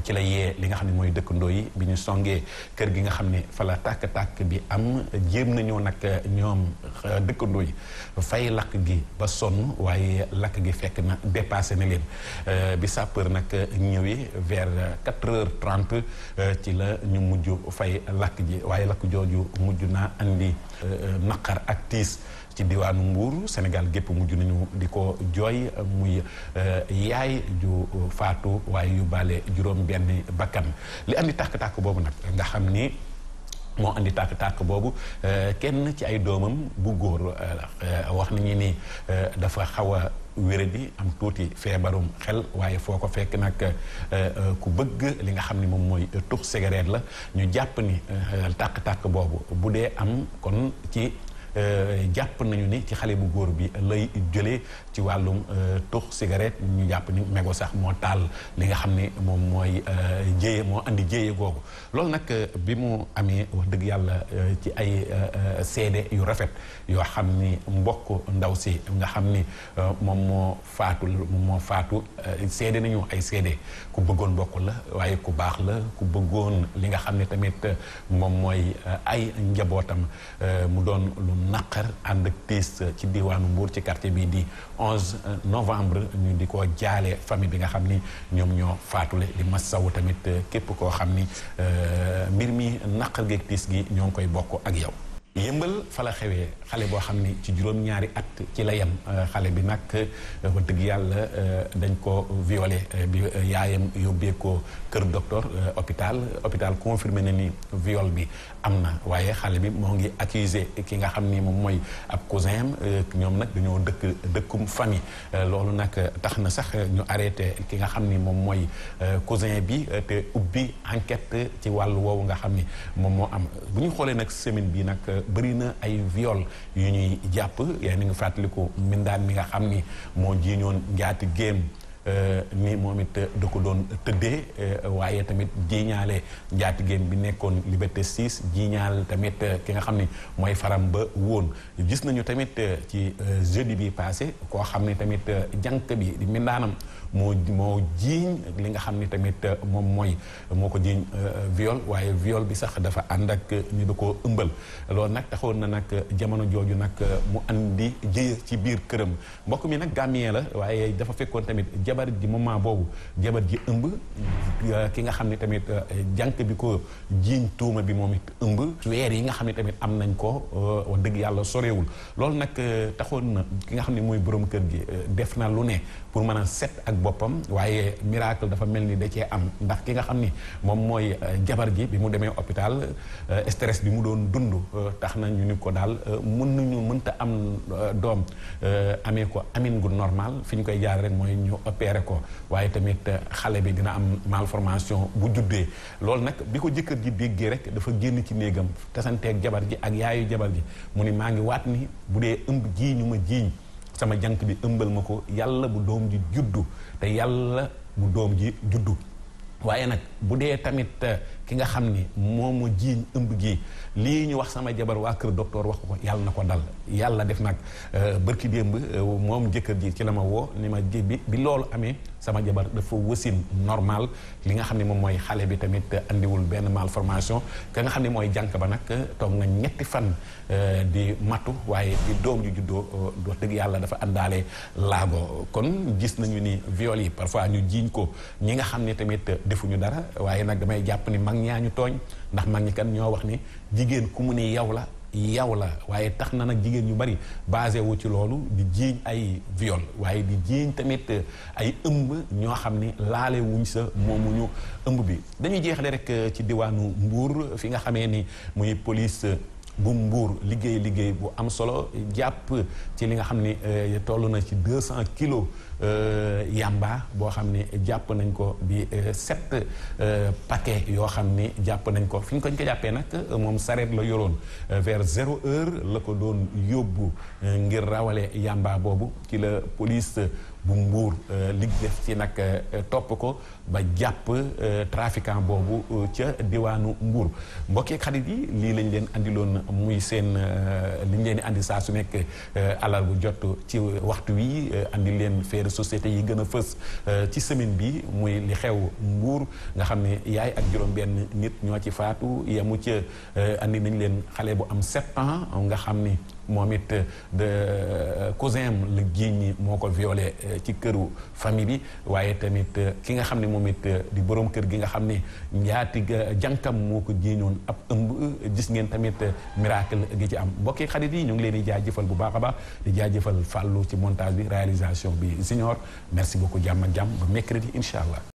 ci la yee li nga xam ne mooy dëkkandoo yi bi ñu songee kër gi nga xam ne fa la tàkk-tàkk bi am jéem nañoo nag ñoom euh, dëkkandoo yi fay lakk gi ba sonn waaye lakk gi fekk na dépassé na leen euh, bi sapeur nag ñëwee vers quatre heures trente euh, ci la ñu mujj fay lakk ji waaye lakk jooju mujj naa andi naqar ak tiis ci diwaanu Mbuur Sénégal gépp mujj nañu di ko jooy muy eh, yaay ju faatu waaye yu baale juróom benn bakkan li andi tàkk-tàkk boobu nag nga xam ni moo indi tàkk-tàkk boobu eh, kenn ci ay doomam bu góor eh, wax nañu ni dafa xaw a wéré bi am tuuti feebarum xel waaye foo ko fekk nag ku bëgg li nga xam ni moom mooy tux cigarette la ñu jàpp ni tàkk-tàkk boobu bu dee am kon ci Euh, jàpp nañu ni ci xale bu góor bi lay jëlee ci wàllum euh, tux cigarette ñu jàpp ni mégo sax moo taal li nga xam ni moom mooy euh, jéye moo andi jéye googu loolu nag bi mu amee wax dëgg yàlla ci ay seede yu rafet yoo xam ni mbokk ndaw si nga xam ni moom moo faatu moom moo faatu seede nañu ay seede ku bëggoon mbokk la waaye ku baax la ku bëggoon li nga xam ne tamit moom mooy ay njabootam mu doon lu naqar ànd ak tiis ci diwaanu Mbour ci quartier bii di onze novembre ñu di ko jaale famille bi nga xam ni ñoom ñoo faatule di massawu tamit képp koo xam ni euh, mbir mi naqar geeg tiis gi ñoo ngi koy bokk ak yow. yëmbal fa la xewee xale boo xam ni ci juróom-ñaari at ci la yem euh, xale bi nag euh, wax dëgg yàlla euh, dañ ko violé bi yaayam yóbbee ko kër docteur hôpital hôpital confirmé na ni viol bi am na waaye xale bi moo ngi accusé ki nga xam ni moom mooy ab cousin am ñoom nag dañoo dëkk dëkkum famille loolu nag tax na sax ñu arrêté ki nga xam ni moom mooy cousin bi te ubbi enquête ci wàll woowu nga xam ni moom moo am bu ñu xoolee nag semaine bi nag bëri na ay viol yu ñuy jàpp yaa ni nga fàttaliku mbindaan mi nga xam ni moo jiiñoon njaati géem Euh, ni moom it euh, da ko doon tëddee euh, waaye tamit jiiñaale njaatigéem bi nekkoon Liberté 6 jiiñaal tamit ki nga xam ni mooy faram ba woon gis nañu tamit ci jeudi bi passé koo xam ni tamit jànq bi di mindaanam moo moo jiiñ li nga xam ni tamit moom mooy moo ko jiiñ viol waaye viole bi sax dafa ànd ak ñu da ko ëmbal loolu nag taxoon na nag jamono jooju nag mu andi jëye ci biir këram mbokk mi nag gàmmee la waaye dafa fekkoon tamit jabar ji moment boobu jabar ji ëmb euh, ki nga xam ne tamit euh, jànk bi ko jiiñ tuuma bi moom it ëmb weer yi nga xam ne tamit am nañ ko euh, dëgg yàlla sorewul loolu nag taxoon na ki nga xam ne mooy borom kër gi def na lu ne pour mën a set ak boppam waaye miracle dafa mel ni da cee am ndax ki nga xam ni moom mooy jabar ji bi mu demee hôpital stress bi mu doon dund tax na ñu ni ko daal mun nañu mënta am doom amee ko amin gu normal fi ñu koy jaar rek mooy ñu opérer récupérer ko waaye tamit euh, xale bi dina am malformation bu juddee loolu nag bi ko jëkkër ji déggee rek dafa génn ci néegam tasanteeg jabar ji ak yaayu jabar ji mu ni maa ngi waat ni bu dee ëmb jii ñu ma jiiñ sama janq bi ëmbal ma ko yàlla bu doom ji juddu te yàlla bu doom ji juddu waaye nag bu dee tamit euh, ki nga xam ni moom mu jiiñ ëmb gi lii ñu wax sama jabar waa kër docteur wax ko yàlla na ko dal yàlla def nag euh, bërki démb euh, moom jëkkër ji ci la ma woo ni ma ji bi bi loolu amee sama jabar dafa wasin normal li nga xam ne moom mooy xale bi tamit indiwul benn mal formation ka nga xam ne mooy jànk ba nag toog na ñetti fan di matu waaye di doom ju juddoo wax dëgg yàlla dafa àndaale laago kon gis nañu ni viol yi parfois ñu jiiñ ko ñi nga xam ne tamit defuñu dara waaye nag damay jàpp ni mag ñaa ñu tooñ ndax mag kan ñoo wax ni jigéen ku ni yow la yow la waaye tax na nag jigéen ñu bari basé wu ci loolu di jiiñ ay viol waaye di jiiñ tamit ay ëmb ñoo xam ni laale wuñ sa moomuñu ëmb bi dañuy jeexale rek ci diwaanu Mbuur fi nga xamee ni muy police bu mbuur liggéey liggéey bu am solo jàpp ci li nga xam ni euh, toll na ci deux cent kilos euh, yamba boo xam ni jàpp nañ ko bi euh, sept paquet yoo xam ni jàpp nañ ko fi ñu ko ko jàppee nag moom sareet la yoroon vers zéro heure la ko doon yóbbu ngir rawale yamba boobu ci la police bu mbuur euh, lig def ci nag euh, topp ko ba jàpp euh, trafiquant boobu ca diwaanu mbuur mbokki xarit yi lii lañ leen andiloon muy seen li ñu leen di andi saa su nekk alal bu jot ci waxtu wi andi leen feere société yi gën a fës ci semaine bi muy li xew mbuur nga xam ne yaay ak juróom-benn nit ñoo ci faatu yemu ca andi nañ leen xale bu am sept ans nga xam ni moom it euh, de euh, cousin am la génn moo ko violé euh, ci këru famille bi waaye tamit ki nga xam ni moom it di borom kër gi nga xam ne njaati jankam moo ko génnoon ab ëmb gis ngeen tamit miracle gi ci am mbokki xarit yi ñu ngi leen di jaajëfal bu baax a baax di jaajëfal fàllu ci montage bi réalisation bi signor merci beaucoup jàmm jàmm ba mercredi incha allah